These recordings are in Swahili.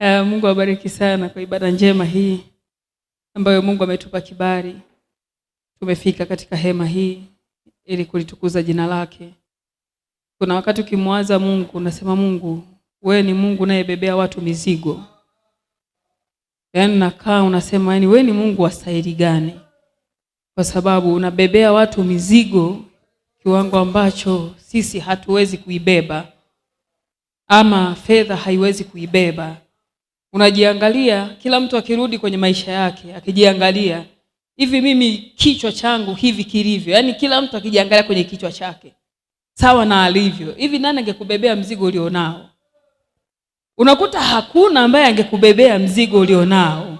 Uh, Mungu awabariki sana kwa ibada njema hii ambayo Mungu ametupa kibali. Tumefika katika hema hii ili kulitukuza jina lake. Kuna wakati ukimwaza Mungu unasema Mungu, we ni Mungu unayebebea watu mizigo. Yaani nakaa unasema yani we ni Mungu wa staili gani? Kwa sababu unabebea watu mizigo kiwango ambacho sisi hatuwezi kuibeba ama fedha haiwezi kuibeba unajiangalia, kila mtu akirudi kwenye maisha yake akijiangalia, hivi mimi kichwa changu hivi kilivyo, yaani kila mtu akijiangalia kwenye kichwa chake sawa na alivyo hivi, nani angekubebea mzigo ulionao? Unakuta hakuna ambaye angekubebea mzigo ulionao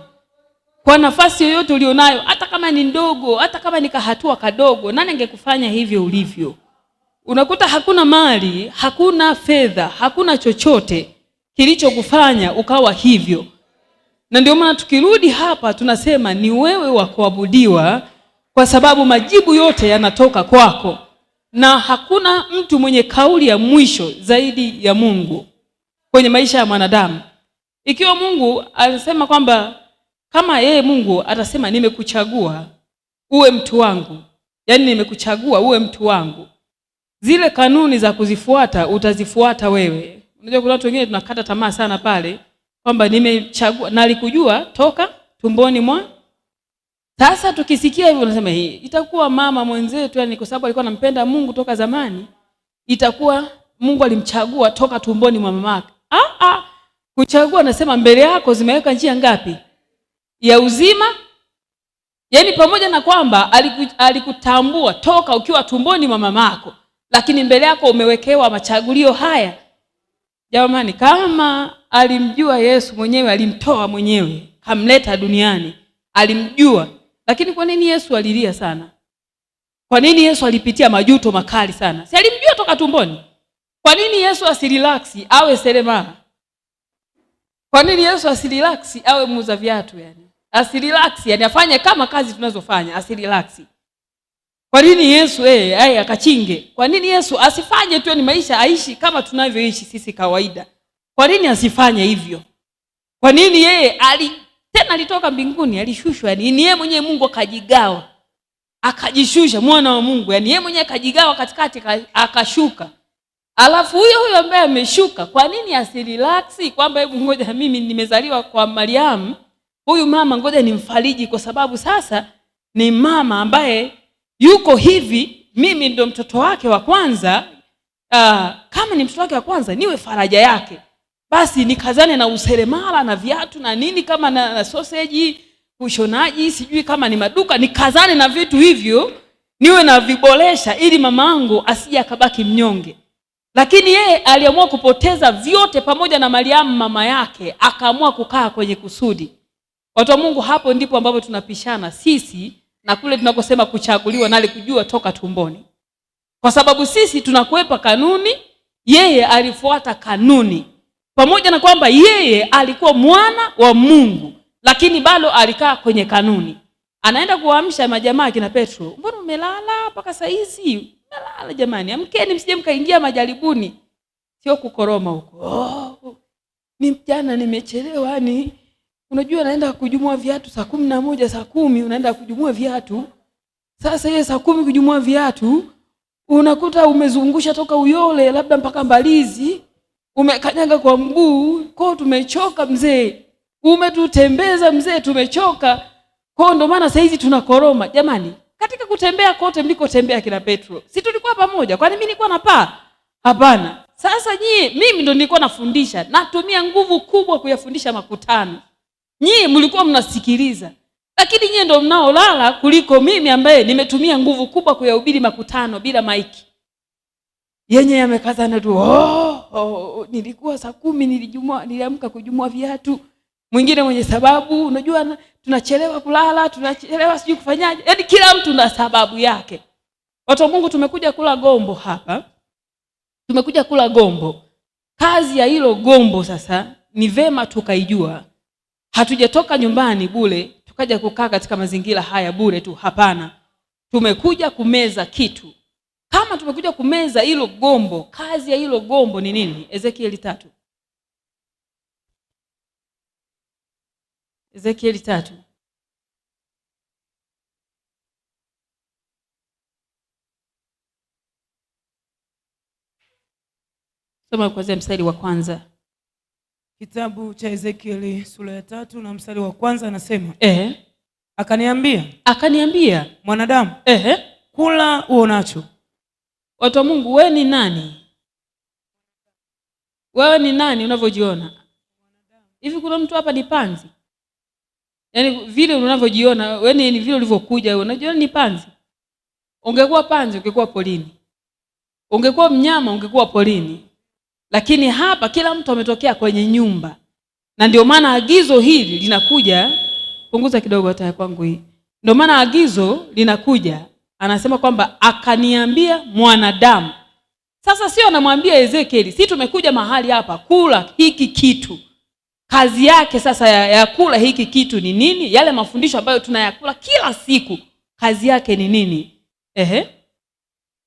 kwa nafasi yoyote ulionayo, hata kama ni ndogo, hata kama ni kahatua kadogo. Nani angekufanya hivyo ulivyo? Unakuta hakuna mali, hakuna fedha, hakuna chochote kilichokufanya ukawa hivyo. Na ndio maana tukirudi hapa tunasema ni wewe wa kuabudiwa, kwa sababu majibu yote yanatoka kwako, na hakuna mtu mwenye kauli ya mwisho zaidi ya Mungu kwenye maisha ya mwanadamu. Ikiwa Mungu anasema kwamba kama yeye Mungu atasema nimekuchagua uwe mtu wangu, yaani nimekuchagua uwe mtu wangu, zile kanuni za kuzifuata utazifuata wewe Unajua kuna watu wengine tunakata tamaa sana pale kwamba nimechagua na alikujua toka tumboni mwa. Sasa tukisikia hivyo unasema hii itakuwa mama mwenzetu, yani kwa sababu alikuwa anampenda Mungu toka zamani, itakuwa Mungu alimchagua toka tumboni mwa mamake. Ah ah, kuchagua nasema mbele yako zimeweka njia ngapi ya uzima? Yaani pamoja na kwamba alikutambua toka ukiwa tumboni mwa mamako, lakini mbele yako umewekewa machagulio haya Jamani, kama alimjua Yesu mwenyewe, alimtoa mwenyewe, kamleta duniani, alimjua. Lakini kwa nini Yesu alilia sana? Kwa nini Yesu alipitia majuto makali sana? Si alimjua toka tumboni? Kwa nini Yesu asirelaksi awe seremala? Kwa nini Yesu asirilaksi awe muuza viatu yani? Asirelaksi yani afanye kama kazi tunazofanya, asirilaksi kwa nini Yesu eh, hey, eh, akachinge? Kwa nini Yesu asifanye tu ni maisha aishi kama tunavyoishi sisi kawaida? Kwa nini asifanye hivyo? Kwa nini yeye ali tena alitoka mbinguni, alishushwa, yani ni yeye mwenyewe Mungu akajigawa. Akajishusha mwana wa Mungu, yani yeye mwenyewe akajigawa katikati akashuka. Alafu huyo huyo ambaye ameshuka, kwa nini asirelax kwamba hebu ngoja mimi nimezaliwa kwa Mariamu, huyu mama ngoja nimfariji kwa sababu sasa ni mama ambaye yuko hivi, mimi ndo mtoto wake wa kwanza. Uh, kama ni mtoto wake wa kwanza niwe faraja yake, basi nikazane na useremala na viatu na nini, kama na, na soseji ushonaji, sijui kama ni maduka, nikazane na vitu hivyo niwe na viboresha ili mamaangu asije akabaki mnyonge. Lakini yeye aliamua kupoteza vyote pamoja na Mariamu mama yake, akaamua kukaa kwenye kusudi. Watu wa Mungu, hapo ndipo ambapo tunapishana sisi na kule tunakosema kuchaguliwa na kujua toka tumboni, kwa sababu sisi tunakwepa kanuni, yeye alifuata kanuni. Pamoja na kwamba yeye alikuwa mwana wa Mungu, lakini bado alikaa kwenye kanuni. Anaenda kuwaamsha majamaa kina Petro, mbona umelala mpaka saa hizi? Umelala jamani, amkeni, msije mkaingia majaribuni, sio kukoroma huko. Oh, ni jana nimechelewa ni Unajua naenda kujumua viatu saa kumi na moja, saa kumi unaenda kujumua viatu. Sasa ile saa kumi kujumua viatu unakuta umezungusha toka Uyole labda mpaka Mbalizi, umekanyaga kwa mguu ko, tumechoka mzee, umetutembeza mzee, tumechoka ko, ndo maana saa hizi tunakoroma. Jamani, katika kutembea kote mlikotembea kina Petro, si tulikuwa pamoja? Kwani mimi nilikuwa napaa? Hapana. Sasa nyie, mimi ndo nilikuwa nafundisha, natumia nguvu kubwa kuyafundisha makutano Nyie mlikuwa mnasikiliza, lakini nyie ndio mnaolala kuliko mimi ambaye nimetumia nguvu kubwa kuyahubiri makutano bila maiki yenye yamekazana tu. Oh, oh, oh nilikuwa saa kumi nilijumua, niliamka kujumua viatu. Mwingine mwenye sababu, unajua tunachelewa kulala, tunachelewa sijui kufanyaje, yaani kila mtu na sababu yake. Watu wa Mungu, tumekuja kula gombo hapa, tumekuja kula gombo. Kazi ya hilo gombo sasa ni vema tukaijua. Hatujatoka nyumbani bure tukaja kukaa katika mazingira haya bure tu, hapana. Tumekuja kumeza kitu. Kama tumekuja kumeza hilo gombo, kazi ya hilo gombo ni nini? Ezekieli tatu, Ezekieli tatu soma kwanzia mstari wa kwanza. Kitabu cha Ezekieli sura ya tatu na mstari wa kwanza anasema ehe, akaniambia akaniambia, mwanadamu, ehe, kula uonacho. Watu wa Mungu, wewe ni nani? Wewe ni nani unavyojiona hivi? Kuna mtu hapa ni panzi? Yaani vile unavyojiona wewe ni vile ulivyokuja wewe, unajiona ni panzi. Ungekuwa panzi ungekuwa polini, ungekuwa mnyama ungekuwa polini lakini hapa kila mtu ametokea kwenye nyumba, na ndio maana agizo hili linakuja. Punguza kidogo hata kwangu hii. Ndio maana agizo linakuja, anasema kwamba akaniambia mwanadamu. Sasa sio anamwambia Ezekieli, si tumekuja mahali hapa kula hiki kitu. Kazi yake sasa ya, ya kula hiki kitu ni nini? Yale mafundisho ambayo tunayakula kila siku, kazi yake ni nini? Ehe,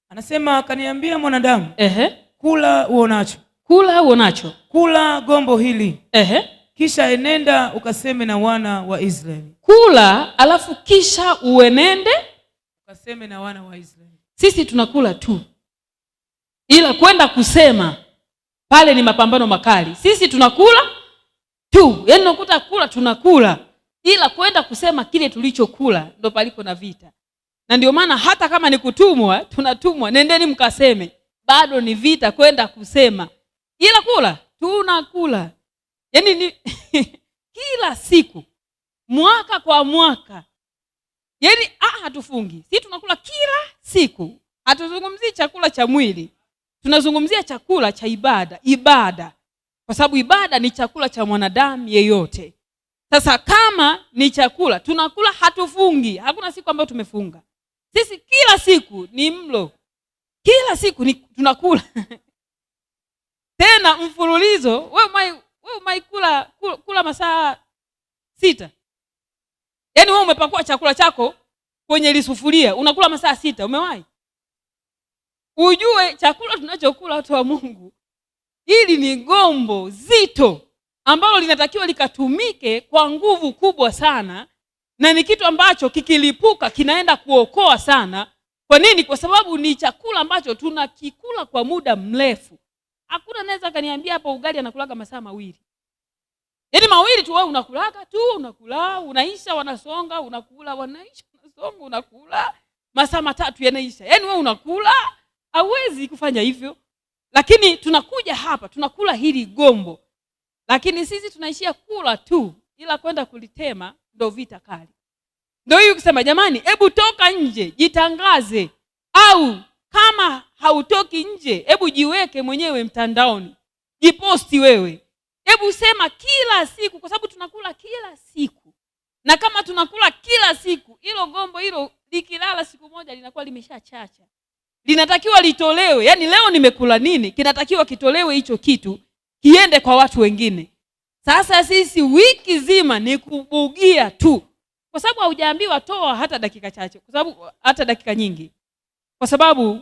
anasema akaniambia mwanadamu, ehe, kula uonacho Kula uonacho, kula gombo hili. Ehe. Kisha enenda ukaseme na wana wa Israeli. Kula alafu kisha uenende ukaseme na wana wa Israeli. Sisi tunakula tu, ila kwenda kusema pale ni mapambano makali. Sisi tunakula tu, yaani unakuta kula tunakula, ila kwenda kusema kile tulichokula ndo palipo na vita, na ndio maana hata kama ni kutumwa tunatumwa, nendeni mkaseme, bado ni vita kwenda kusema ila kula tunakula, yaani ni kila siku, mwaka kwa mwaka, yaani hatufungi. Si tunakula kila siku, hatuzungumzii chakula cha mwili, tunazungumzia chakula cha ibada, ibada, kwa sababu ibada ni chakula cha mwanadamu yeyote. Sasa kama ni chakula tunakula, hatufungi, hakuna siku ambayo tumefunga sisi. Kila siku ni mlo, kila siku ni tunakula tena mfululizo. We umai, kula, kula, kula masaa sita, yaani we umepakua chakula chako kwenye lisufuria unakula masaa sita, umewahi? Ujue chakula tunachokula watu wa Mungu, hili ni gombo zito ambalo linatakiwa likatumike kwa nguvu kubwa sana, na ni kitu ambacho kikilipuka kinaenda kuokoa sana. Kwa nini? Kwa sababu ni chakula ambacho tunakikula kwa muda mrefu, Hakuna naweza kaniambia hapo ugali anakulaga masaa mawili. Yaani mawili tu wewe unakulaga tu unakula, unaisha wanasonga, unakula wanaisha wanasonga, unakula. Masaa matatu yanaisha. Yaani wewe unakula, hauwezi kufanya hivyo. Lakini tunakuja hapa, tunakula hili gombo. Lakini sisi tunaishia kula tu ila kwenda kulitema ndo vita kali. Ndio hiyo kusema jamani, hebu toka nje, jitangaze au kama hautoki nje, hebu jiweke mwenyewe mtandaoni, jiposti wewe, hebu sema kila siku, kwa sababu tunakula kila siku, na kama tunakula kila siku, hilo gombo hilo likilala siku moja linakuwa limeshachacha, linatakiwa litolewe. Yani leo nimekula nini, kinatakiwa kitolewe hicho kitu kiende kwa watu wengine. Sasa sisi wiki zima ni kubugia tu, kwa sababu haujaambiwa toa hata dakika chache, kwa sababu hata dakika nyingi, kwa sababu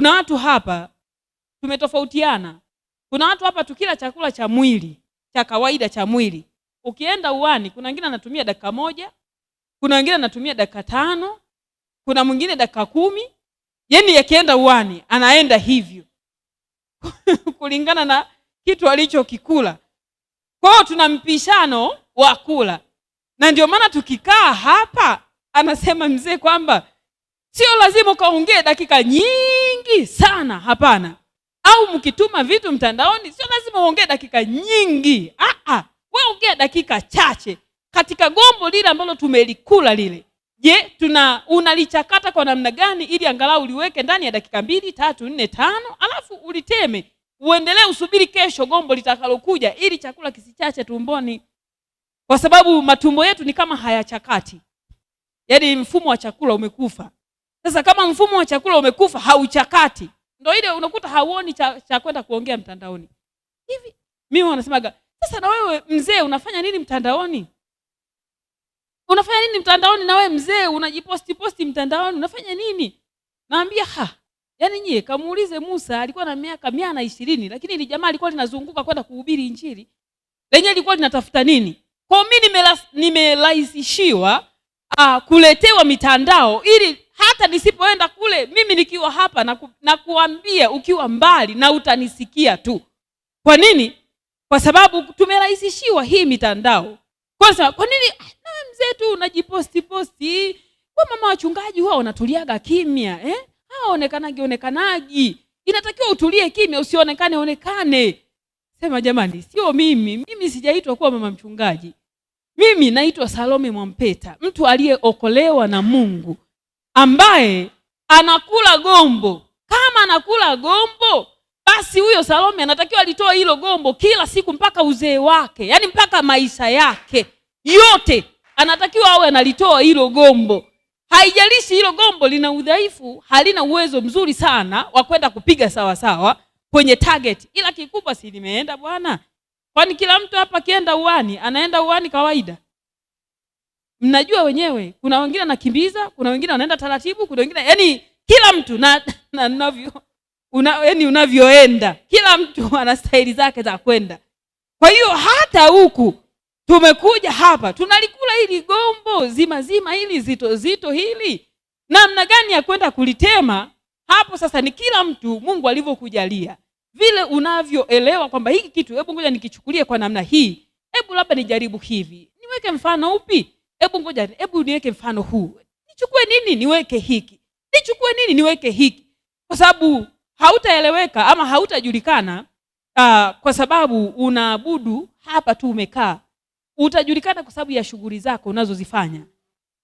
kuna watu hapa tumetofautiana. Kuna watu hapa tukila chakula cha mwili cha kawaida cha mwili, ukienda uani kuna wengine anatumia dakika moja, kuna wengine anatumia dakika tano, kuna mwingine dakika kumi. Yani yakienda uani anaenda hivyo kulingana na kitu alichokikula. Kwa hiyo tuna mpishano wa kula, na ndio maana tukikaa hapa, anasema mzee kwamba Sio lazima ukaongee dakika nyingi sana, hapana. Au mkituma vitu mtandaoni, sio lazima uongee dakika nyingi. Ah ah, ongea dakika chache katika gombo lile ambalo tumelikula lile. Je, tuna unalichakata kwa namna gani ili angalau uliweke ndani ya dakika mbili, tatu, nne, tano, alafu uliteme uendelee usubiri kesho gombo litakalokuja, ili chakula kisichache tumboni, kwa sababu matumbo yetu ni kama hayachakati, yaani mfumo wa chakula umekufa. Sasa kama mfumo wa chakula umekufa, hauchakati, ndio ile unakuta hauoni cha, cha kwenda kuongea mtandaoni hivi. Mimi wanasemaga sasa, na wewe mzee unafanya nini mtandaoni? Unafanya nini mtandaoni? Na wewe mzee unajiposti posti mtandaoni unafanya nini? Naambia ha, yaani nyie kamuulize Musa, alikuwa na miaka mia na ishirini, lakini ile jamaa alikuwa linazunguka kwenda kuhubiri injili, Lenye alikuwa linatafuta nini? Kwa mimi nimerahisishiwa ah, kuletewa mitandao ili hata nisipoenda kule, mimi nikiwa hapa na, ku, na kuambia ukiwa mbali na utanisikia tu. Kwa nini? Kwa sababu tumerahisishiwa hii mitandao. Kwanza, kwa nini ah, nawe mzee tu unajiposti posti? Kwa mama wachungaji huwa wanatuliaga kimya eh? Hawaonekanagi ah, onekanagi, inatakiwa utulie kimya, usionekane onekane. Sema jamani, sio mimi, mimi sijaitwa kuwa mama mchungaji. Mimi naitwa Salome Mwampeta, mtu aliyeokolewa na Mungu ambaye anakula gombo. Kama anakula gombo, basi huyo Salome anatakiwa alitoa hilo gombo kila siku mpaka uzee wake, yaani mpaka maisha yake yote anatakiwa awe analitoa hilo gombo. Haijalishi hilo gombo lina udhaifu, halina uwezo mzuri sana wa kwenda kupiga sawa sawa kwenye target, ila kikubwa si limeenda bwana. Kwani kila mtu hapa akienda uani, anaenda uani kawaida? mnajua wenyewe, kuna wengine anakimbiza, kuna wengine wanaenda taratibu, kuna wengine yani, kila mtu na, na navyo una, yani unavyoenda kila mtu ana staili zake za kwenda. Kwa hiyo hata huku tumekuja hapa tunalikula hili gombo zima zima hili zito zito hili, namna gani ya kwenda kulitema hapo sasa ni kila mtu Mungu alivyokujalia vile unavyoelewa kwamba hiki kitu, hebu ngoja nikichukulie kwa namna hii, hebu labda nijaribu hivi, niweke mfano upi? hebu ngoja, hebu niweke mfano huu, nichukue nini niweke hiki, nichukue nini niweke hiki, kwa sababu hautaeleweka ama hautajulikana. Uh, kwa sababu unaabudu hapa tu umekaa, utajulikana kwa sababu ya shughuli zako unazozifanya.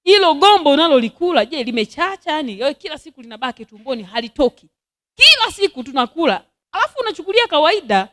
Hilo gombo unalolikula, je, limechacha? ni yaani, kila siku linabaki tumboni, halitoki. Kila siku tunakula, alafu unachukulia kawaida.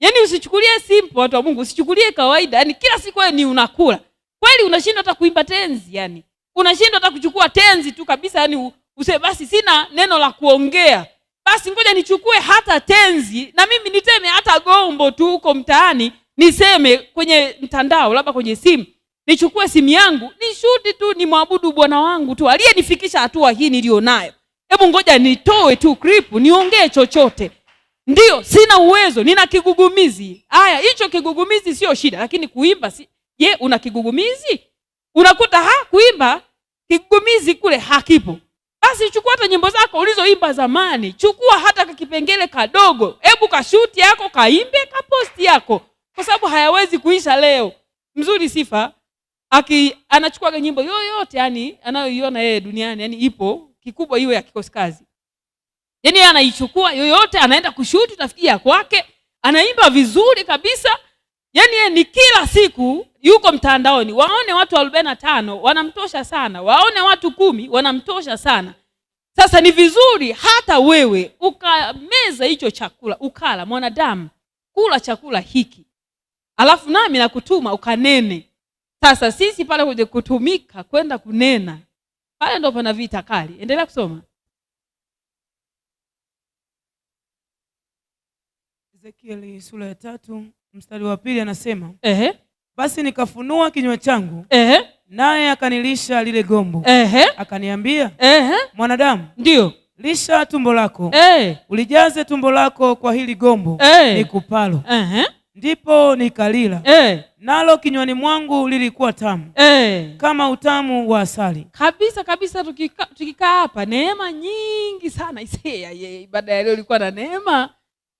Yani usichukulie simple, watu wa Mungu, usichukulie kawaida. Yani kila siku wewe ni unakula Kweli unashindwa hata kuimba tenzi yani. Unashindwa hata kuchukua tenzi tu kabisa yani useme basi sina neno la kuongea. Basi ngoja nichukue hata tenzi na mimi niteme hata gombo tu huko mtaani niseme kwenye mtandao labda kwenye simu. Nichukue simu yangu, nishuti tu nimwabudu Bwana wangu tu aliyenifikisha hatua hii nilionayo. Hebu ngoja nitoe tu clip niongee chochote. Ndiyo, sina uwezo, nina kigugumizi. Haya, hicho kigugumizi sio shida, lakini kuimba si Je, una kigugumizi? Unakuta ha kuimba kigugumizi kule hakipo. Basi chukua hata nyimbo zako ulizoimba zamani, chukua hata kakipengele kadogo, hebu kashuti yako kaimbe, kaposti yako, kwa sababu hayawezi kuisha leo. Mzuri Sifa aki anachukua nyimbo yoyote yani anayoiona yeye duniani, yani ipo kikubwa iwe ya kikosi kazi, yani anaichukua yoyote, anaenda kushuti, tafikia kwake, anaimba vizuri kabisa yaani ye ni kila siku yuko mtandaoni, waone watu arobaini na tano wanamtosha sana, waone watu kumi wanamtosha sana. Sasa ni vizuri hata wewe ukameza hicho chakula ukala. Mwanadamu, kula chakula hiki, alafu nami nakutuma ukanene. Sasa sisi pale kwenye kutumika kwenda kunena pale ndo pana vita kali. Endelea kusoma Ezekieli sura ya tatu mstari wa pili anasema ehe, basi nikafunua kinywa changu ehe, naye akanilisha lile gombo ehe, akaniambia ehe, mwanadamu, ndio lisha tumbo lako ehe, ulijaze tumbo lako kwa hili gombo ehe, nikupalo ehe ndipo nikalila Ehe. Nalo kinywani mwangu lilikuwa tamu Ehe. Kama utamu wa asali kabisa kabisa. Tukikaa hapa, neema nyingi sana. Isee, ibada ya leo ilikuwa na neema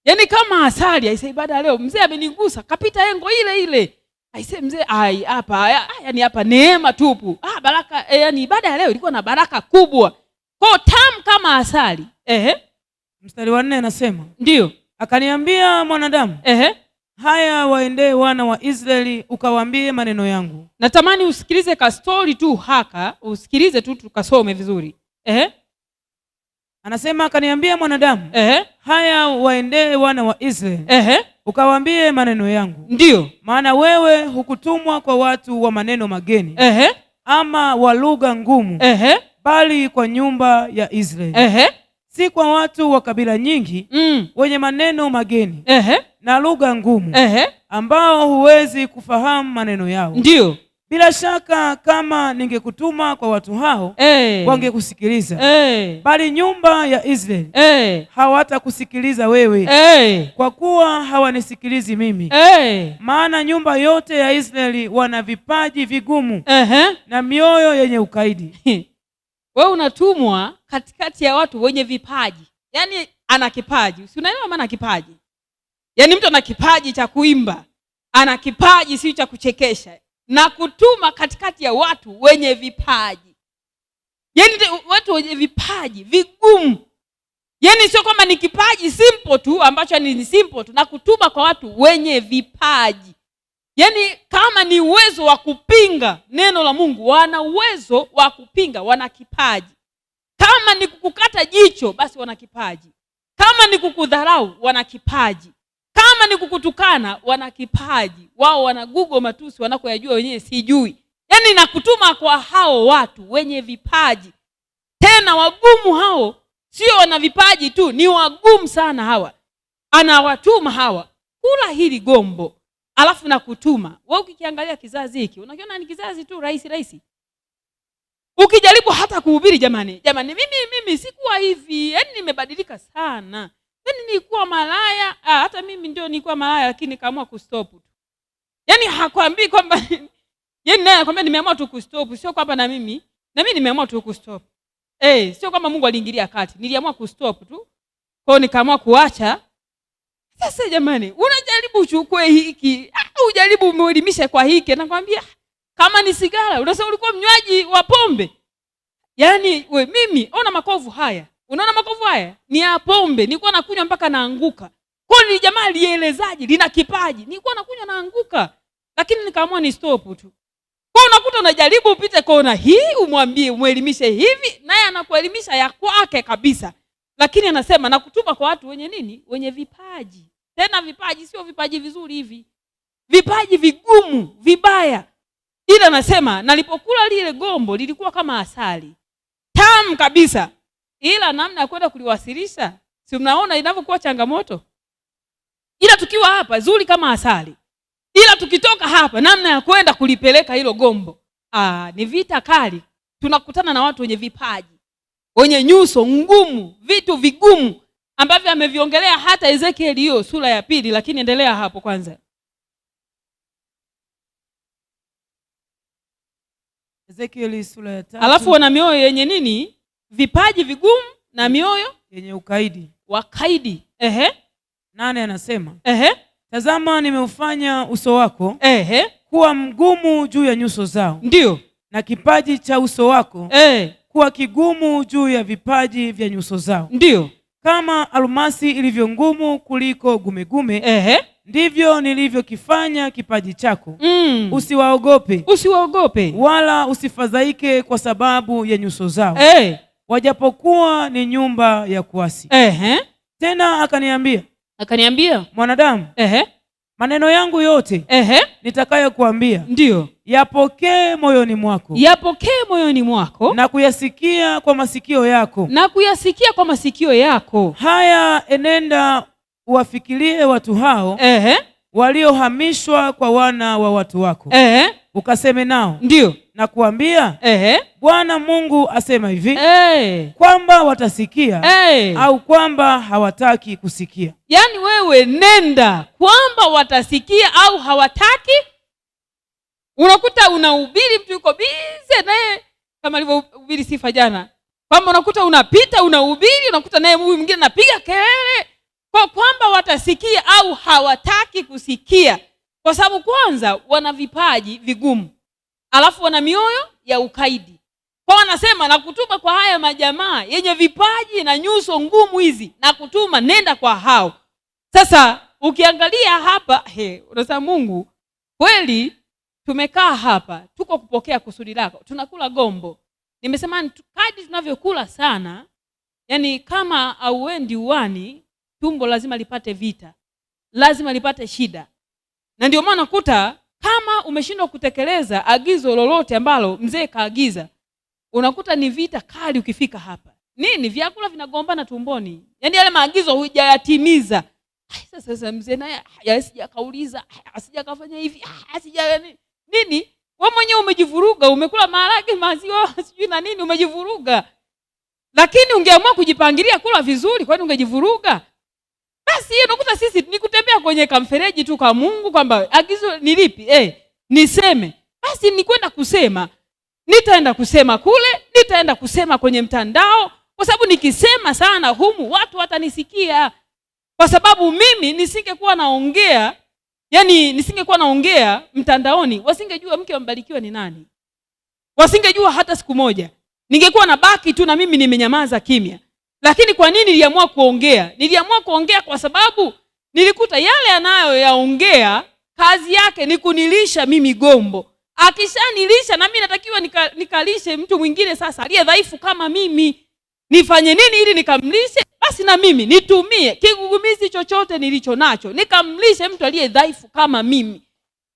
Yaani kama asali aise, ibada leo mzee amenigusa, kapita engo ile ile. Aise mzee, ai hapa, yaani hapa neema tupu. Ah, baraka, e, yaani ibada ya leo ilikuwa na baraka kubwa. Kwa tam kama asali. Ehe. Mstari wa nne anasema. Ndio. Akaniambia mwanadamu. Ehe. Haya, waendee wana wa Israeli ukawaambie maneno yangu. Natamani usikilize ka tu haka, usikilize tu tukasome vizuri. Ehe. Anasema akaniambia mwanadamu, Ehe. haya waendee wana wa Israeli, Ehe. ukawaambie maneno yangu. Ndiyo maana wewe hukutumwa kwa watu wa maneno mageni, Ehe. ama wa lugha ngumu, Ehe. bali kwa nyumba ya Israeli, Ehe. si kwa watu wa kabila nyingi mm. wenye maneno mageni Ehe. na lugha ngumu Ehe. ambao huwezi kufahamu maneno yao. ndio bila shaka kama ningekutuma kwa watu hao hey, eh. wangekusikiliza hey, eh. bali nyumba ya Israeli hey, eh. hawatakusikiliza wewe hey, kwa kuwa hawanisikilizi mimi hey, maana nyumba yote ya Israeli wana vipaji vigumu uh -huh, na mioyo yenye ukaidi. Wewe unatumwa katikati ya watu wenye vipaji, yaani ana kipaji, si unaelewa maana kipaji? Yaani mtu ana kipaji cha kuimba, ana kipaji si cha kuchekesha na kutuma katikati ya watu wenye vipaji. Yaani watu wenye vipaji vigumu, yaani sio kwamba ni kipaji simple tu ambacho ni simple tu, na kutuma kwa watu wenye vipaji, yaani kama ni uwezo wa kupinga neno la Mungu, wana uwezo wa kupinga, wana kipaji. Kama ni kukukata jicho, basi wana kipaji. Kama ni kukudharau, wana kipaji kama ni kukutukana, wana kipaji wao, wana Google matusi wanakoyajua wenyewe, sijui. Yaani nakutuma kwa hao watu wenye vipaji, tena wagumu hao, sio wana vipaji tu, ni wagumu sana hawa. Anawatuma hawa, kula hili gombo alafu nakutuma wewe. Ukikiangalia kizazi hiki unakiona ni kizazi tu rahisi rahisi ukijaribu hata kuhubiri jamani, jamani, mimi mimi sikuwa hivi, yaani nimebadilika sana yani nilikuwa malaya ah, hata mimi ndio nilikuwa malaya lakini nikaamua kustop tu yaani hakwambii kwamba yani naye anakwambia nimeamua tu kustop sio kwamba na mimi na mimi nimeamua tu kustop eh sio kwamba Mungu aliingilia kati niliamua kustop tu kwao nikaamua kuacha sasa jamani unajaribu uchukue hiki au ujaribu umeelimisha kwa hiki nakwambia kama ni sigara unasema ulikuwa mnywaji wa pombe yaani we mimi ona makovu haya Unaona makovu haya ni ya pombe, nilikuwa nakunywa mpaka naanguka. Kwa ni jamaa alielezaje lina kipaji? Nilikuwa nakunywa naanguka, lakini nikaamua ni stop tu. Kwa unakuta unajaribu upite kona hii, umwambie umwelimishe hivi, naye anakuelimisha ya kwake kabisa, lakini anasema nakutuma kwa watu wenye nini, wenye vipaji. Tena vipaji sio vipaji vizuri hivi, vipaji vigumu vibaya. Ila anasema nalipokula lile gombo lilikuwa kama asali tam kabisa ila namna ya kwenda kuliwasilisha, si mnaona inavyokuwa changamoto. Ila tukiwa hapa zuri kama asali, ila tukitoka hapa, namna ya kwenda kulipeleka hilo gombo, ah, ni vita kali. Tunakutana na watu wenye vipaji, wenye nyuso ngumu, vitu vigumu ambavyo ameviongelea hata Ezekieli hiyo sura ya pili, lakini endelea hapo kwanza. Ezekieli sura ya tatu. Alafu wana mioyo yenye nini? vipaji vigumu na mioyo yenye ukaidi wakaidi. Ehe. Nane anasema ehe, tazama nimeufanya uso wako ehe, kuwa mgumu juu ya nyuso zao, ndio na kipaji cha uso wako ehe, kuwa kigumu juu ya vipaji vya nyuso zao, ndio kama almasi ilivyo ngumu kuliko gumegume ehe, ndivyo nilivyokifanya kipaji chako mm. Usiwaogope, usiwaogope wala usifadhaike kwa sababu ya nyuso zao ehe wajapokuwa ni nyumba ya kuasi. Ehe. Tena akaniambia akaniambia, mwanadamu, ehe, maneno yangu yote ehe, nitakayokuambia ndiyo yapokee moyoni mwako, yapokee moyoni mwako, na kuyasikia kwa masikio yako, na kuyasikia kwa masikio yako. Haya, enenda uwafikirie watu hao, ehe waliohamishwa kwa wana wa watu wako eh, ukaseme nao ndio nakuambia eh, Bwana Mungu asema hivi eh, kwamba watasikia eh, au kwamba hawataki kusikia. Yaani wewe nenda, kwamba watasikia au hawataki. Unakuta unahubiri mtu yuko bize naye, kama alivyohubiri sifa jana, kwamba unakuta unapita unahubiri, unakuta naye huyu mwingine anapiga kelele kwa kwamba watasikia au hawataki kusikia, kwa sababu kwanza wana vipaji vigumu, alafu wana mioyo ya ukaidi. Kwa wanasema na kutuma kwa haya majamaa yenye vipaji na nyuso ngumu hizi, na kutuma nenda kwa hao. Sasa ukiangalia hapa, he, unasema Mungu kweli, tumekaa hapa tuko kupokea kusudi lako, tunakula gombo. Nimesema kadi tunavyokula sana, yani kama auendi uwani tumbo lazima lipate vita, lazima lipate shida. Na ndio maana kuta kama umeshindwa kutekeleza agizo lolote ambalo mzee kaagiza, unakuta ni vita kali. Ukifika hapa nini, vyakula vinagombana tumboni, yaani yale maagizo hujayatimiza. Sasa mzee naye asijakauliza asijakafanya hivi, asija nini yaani nini, wewe mwenyewe umejivuruga, umekula maharage, maziwa, sijui na nini, umejivuruga. Lakini ungeamua kujipangilia kula vizuri, kwani ungejivuruga? basi si unakuta sisi ni kutembea kwenye kamfereji tu kwa Mungu kwamba agizo ni lipi? Eh, niseme. Basi ni kwenda kusema. Nitaenda kusema kule, nitaenda kusema kwenye mtandao kwa sababu nikisema sana humu watu watanisikia. Kwa sababu mimi nisingekuwa naongea, yani nisingekuwa naongea mtandaoni, wasingejua mke wa ni nani. Wasingejua hata siku moja. Ningekuwa nabaki tu na mimi nimenyamaza kimya. Lakini kwa nini niliamua kuongea? Niliamua kuongea kwa sababu nilikuta yale anayoyaongea kazi yake ni kunilisha mimi gombo. Akishanilisha na mimi natakiwa nika, nikalishe mtu mwingine sasa aliye dhaifu kama mimi. Nifanye nini ili nikamlishe? Basi na mimi nitumie kigugumizi chochote nilicho nacho nikamlishe mtu aliye dhaifu kama mimi.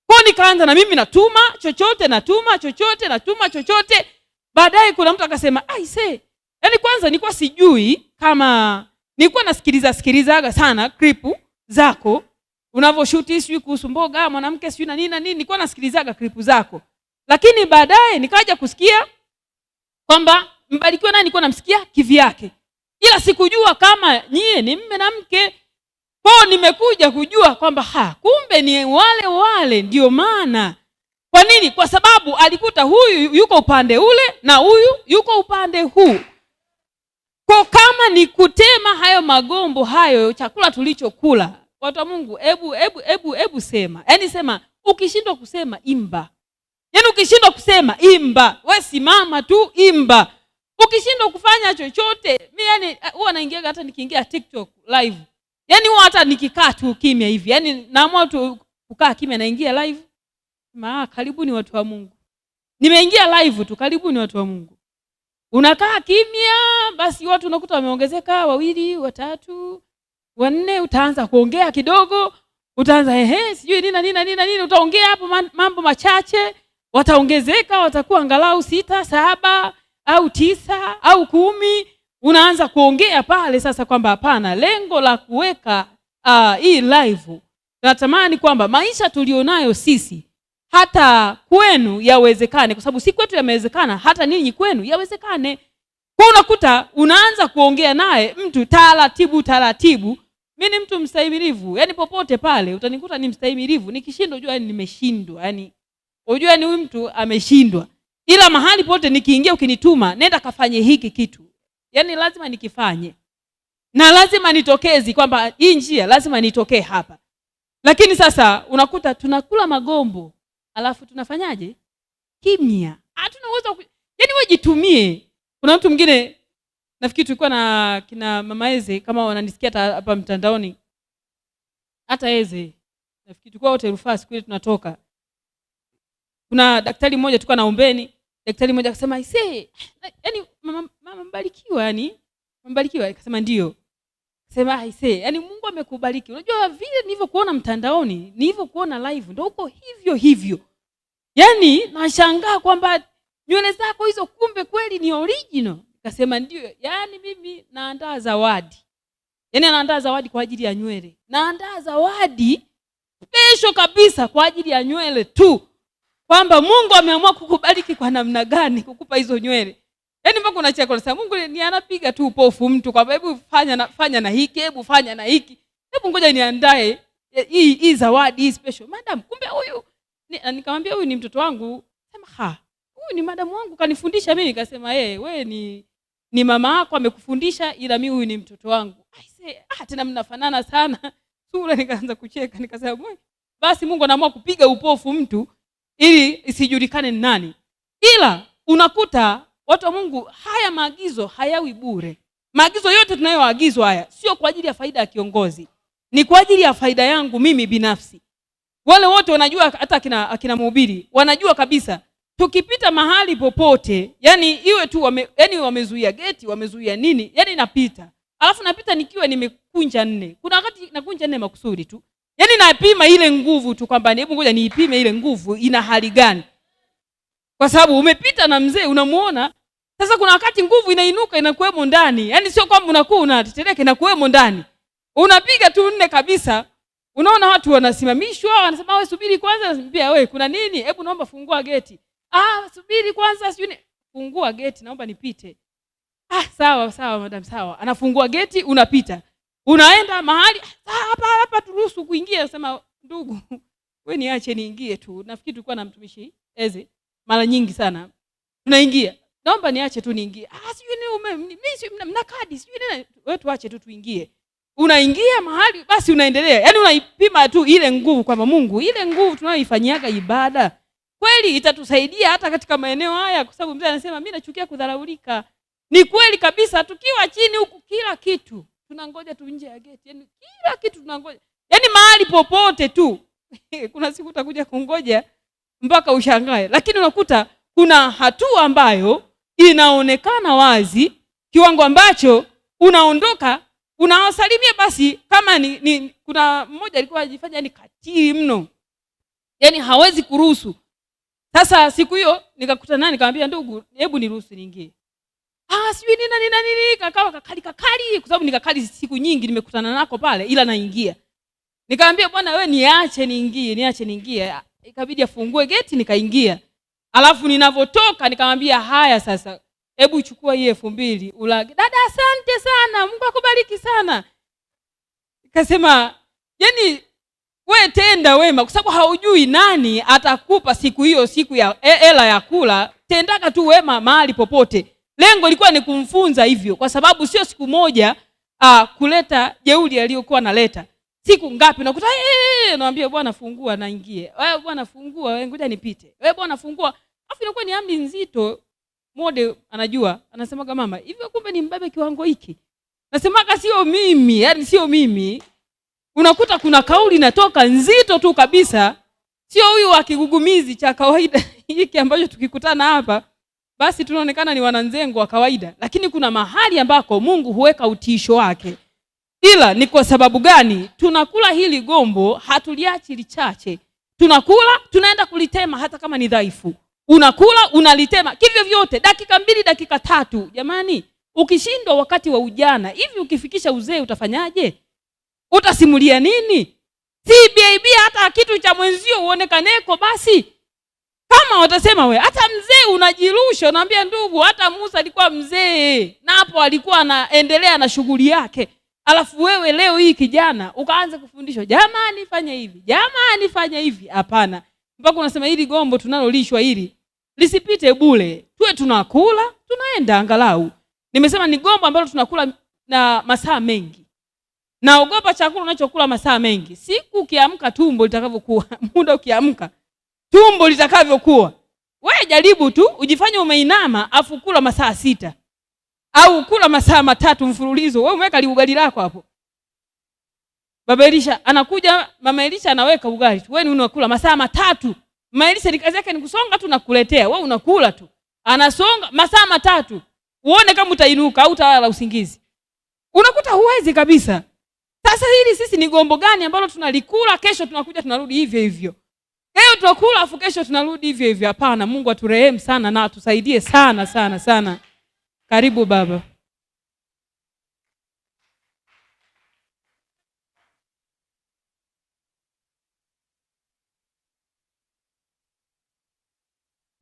Kwa nikaanza na mimi natuma chochote, natuma chochote, natuma chochote. Baadaye kuna mtu akasema, "Aise, yaani kwanza nilikuwa sijui kama nilikuwa nasikiliza sikilizaga sana klipu zako unavyoshuti sijui kuhusu mboga mwanamke sijui na nini na nini nilikuwa nasikilizaga klipu zako lakini baadaye nikaja kusikia kwamba Mbarikiwa naye nilikuwa namsikia kivyake, ila sikujua kama nyie ni mme na mke. Kwao nimekuja kujua kwamba ha, kumbe ni wale wale. Ndio maana kwa nini? Kwa sababu alikuta huyu yuko upande ule na huyu yuko upande huu. Kwa kama ni kutema hayo magombo hayo, chakula tulichokula, watu wa Mungu, hebu hebu hebu hebu sema, yaani sema, ukishindwa kusema imba, yaani ukishindwa kusema imba, we simama tu imba, ukishindwa kufanya chochote. Mi yani eh, huwa naingia hata nikiingia TikTok live, yaani huwa hata nikikaa tu kimya hivi, yaani naamua tu kukaa kimya, naingia live. Ma, karibuni watu wa Mungu, nimeingia live tu, karibuni watu wa Mungu Unakaa kimya, basi watu unakuta wameongezeka wawili, watatu, wanne. Utaanza kuongea kidogo, utaanza ehe, sijui nina nina nina nini, utaongea hapo mambo machache, wataongezeka, watakuwa angalau sita, saba au tisa au kumi. Unaanza kuongea pale sasa kwamba hapana, lengo la kuweka uh, hii live natamani kwamba maisha tulionayo sisi hata kwenu yawezekane, kwa sababu si kwetu yamewezekana, hata ninyi kwenu yawezekane. Kwa unakuta unaanza kuongea naye mtu taratibu taratibu. Mimi ni mtu mstahimilivu, yani popote pale utanikuta ni mstahimilivu. Nikishindwa ujua yani nimeshindwa, yani ujua ni huyu mtu ameshindwa, ila mahali pote nikiingia, ukinituma nenda kafanye hiki kitu, yani lazima nikifanye na lazima nitokezi kwamba hii njia lazima nitokee hapa. Lakini sasa unakuta tunakula magombo alafu tunafanyaje? Kimya, hatuna uwezo ku... yaani wewe jitumie. Kuna mtu mwingine nafikiri tulikuwa na kina mama Eze, kama wananisikia hata hapa mtandaoni, hata Eze nafikiri tulikuwa wote rufaa siku ile tunatoka. Kuna daktari mmoja tulikuwa naombeni, daktari mmoja akasema, "Ise, yaani, yaani mama Mbarikiwa yani, Mbarikiwa." Akasema ndio sema aisee, yani Mungu amekubariki. Unajua vile nilivyokuona mtandaoni, nilivyokuona live, ndo uko hivyo hivyo. Yani nashangaa kwamba nywele zako hizo kumbe kweli ni original. Nikasema ndio, yani mimi naandaa zawadi, yani anaandaa zawadi kwa ajili ya nywele, naandaa zawadi pesho kabisa kwa ajili ya nywele tu, kwamba Mungu ameamua kukubariki kwa namna gani, kukupa hizo nywele Yaani mpaka unacheka unasema Mungu ni anapiga tu upofu mtu kwa hebu fanya na fanya na hiki, hebu fanya na hiki. Hebu ngoja niandae eh, hii hii zawadi hii special. Madam, kumbe huyu ah, nikamwambia huyu ni mtoto wangu. Sema ha. Huyu ni madam wangu kanifundisha mimi nikasema yeye eh, wewe ni ni mama yako amekufundisha ila mimi huyu ni mtoto wangu. I say ah tena mnafanana sana. Sura nikaanza kucheka nikasema mwe. Basi Mungu anaamua kupiga upofu mtu ili isijulikane ni nani. Ila unakuta Watu wa Mungu, haya maagizo hayawi bure. Maagizo yote tunayoagizwa haya sio kwa ajili ya faida ya kiongozi, ni kwa ajili ya faida yangu mimi binafsi. Wale wote wanajua, hata akina, akina mhubiri wanajua kabisa tukipita mahali popote, yani iwe tu wame, yani wamezuia geti, wamezuia nini, yani napita alafu napita nikiwa nimekunja nne. Kuna wakati nakunja nne makusudi tu, yani napima ile nguvu tu kwamba hebu ngoja niipime ile nguvu ina hali gani kwa sababu umepita na mzee unamuona. Sasa kuna wakati nguvu inainuka inakuwemo ndani, yaani sio kwamba unakuwa unatetereka, inakuwemo ndani, unapiga tu nne kabisa. Unaona watu wanasimamishwa, wanasema wewe subiri kwanza, pia wewe kuna nini? Hebu naomba fungua geti. Ah, subiri kwanza, sijui fungua geti, naomba nipite. Ah, sawa sawa madam, sawa. Anafungua geti, unapita. Unaenda mahali ah, hapa hapa, turuhusu kuingia. Sema ndugu, wewe niache niingie tu. Nafikiri tulikuwa na mtumishi Eze mara nyingi sana tunaingia, naomba niache tu niingie, ah, sijui ni mimi, sijui mna kadi, sijui nini. Wewe tuache tu tuingie, unaingia mahali basi, unaendelea yani, unaipima tu ile nguvu, kwamba Mungu, ile nguvu tunayoifanyiaga ibada kweli itatusaidia hata katika maeneo haya, kwa sababu mzee anasema mimi nachukia kudharaulika. Ni kweli kabisa, tukiwa chini huku kila kitu tunangoja tu nje ya geti, yani kila kitu tunangoja, yani mahali popote tu kuna siku utakuja kungoja mpaka ushangae, lakini unakuta kuna hatua ambayo inaonekana wazi, kiwango ambacho unaondoka unawasalimia basi. Kama ni, ni kuna mmoja alikuwa anajifanya ni katili mno, yani hawezi kuruhusu. Sasa siku hiyo nikakuta naye nikamwambia, ndugu, hebu niruhusu niingie. Ah, sijui nina nina nini, kakawa kakali kakali, kwa sababu nikakali siku nyingi nimekutana nako pale, ila naingia. Nikamwambia, bwana, wewe niache niingie, niache niingie. Ikabidi afungue geti nikaingia. Alafu ninavyotoka nikamwambia haya sasa hebu chukua hii elfu mbili ulage. Dada asante sana, Mungu akubariki sana. Nikasema yani we tenda wema kwa sababu haujui nani atakupa siku hiyo siku ya e, hela ya kula. Tendaka tu wema mahali popote. Lengo lilikuwa ni kumfunza hivyo kwa sababu sio siku moja a, ah, kuleta jeuli aliyokuwa naleta siku ngapi nakuta eh, eh, eh naambia bwana fungua, naingie wewe eh, bwana fungua, wewe ngoja nipite, wewe bwana fungua, afu inakuwa ni amri nzito. Mode anajua anasemaga, mama hivyo, kumbe ni mbebe kiwango hiki. Nasemaga sio mimi, yani sio mimi. Unakuta kuna kauli inatoka nzito tu kabisa, sio huyu wa kigugumizi cha kawaida hiki ambacho tukikutana hapa basi tunaonekana ni wananzengo wa kawaida, lakini kuna mahali ambako Mungu huweka utisho wake ila ni kwa sababu gani tunakula hili gombo, hatuliachi lichache, tunakula tunaenda kulitema, hata kama ni dhaifu, unakula unalitema kivyo vyote, dakika mbili, dakika tatu. Jamani, ukishindwa wakati wa ujana hivi, ukifikisha uzee utafanyaje? Utasimulia nini? Si bibi hata kitu cha mwenzio uonekaneko basi kama watasema we hata mzee unajirusha, unaambia ndugu, hata Musa alikuwa mzee na hapo alikuwa anaendelea na shughuli yake. Alafu wewe leo hii kijana ukaanza kufundishwa, jamani fanya hivi, jamani fanya hivi. Hapana, mpaka unasema hili gombo tunalolishwa hili lisipite bule tuwe tunakula tunaenda angalau. Nimesema ni gombo ambalo tunakula na masaa mengi, naogopa chakula unachokula masaa mengi, siku ukiamka tumbo litakavyokuwa, muda ukiamka tumbo litakavyokuwa. Wewe jaribu tu ujifanye umeinama afu kula masaa sita au kula masaa matatu mfululizo, wewe umeweka liugali lako hapo. Baba Elisha anakuja, mama Elisha anaweka ugali tu, wewe unakula masaa matatu. Mama Elisha ni kazi yake ni kusonga tu na kuletea, wewe unakula tu, anasonga masaa matatu, uone kama utainuka au utalala usingizi. Unakuta huwezi kabisa. Sasa hili sisi ni gombo gani ambalo tunalikula, kesho tunakuja tunarudi hivyo hivyo Leo tunakula afu kesho tunarudi hivyo hivyo. Hapana, Mungu aturehemu sana na atusaidie sana sana sana. Caribubaba.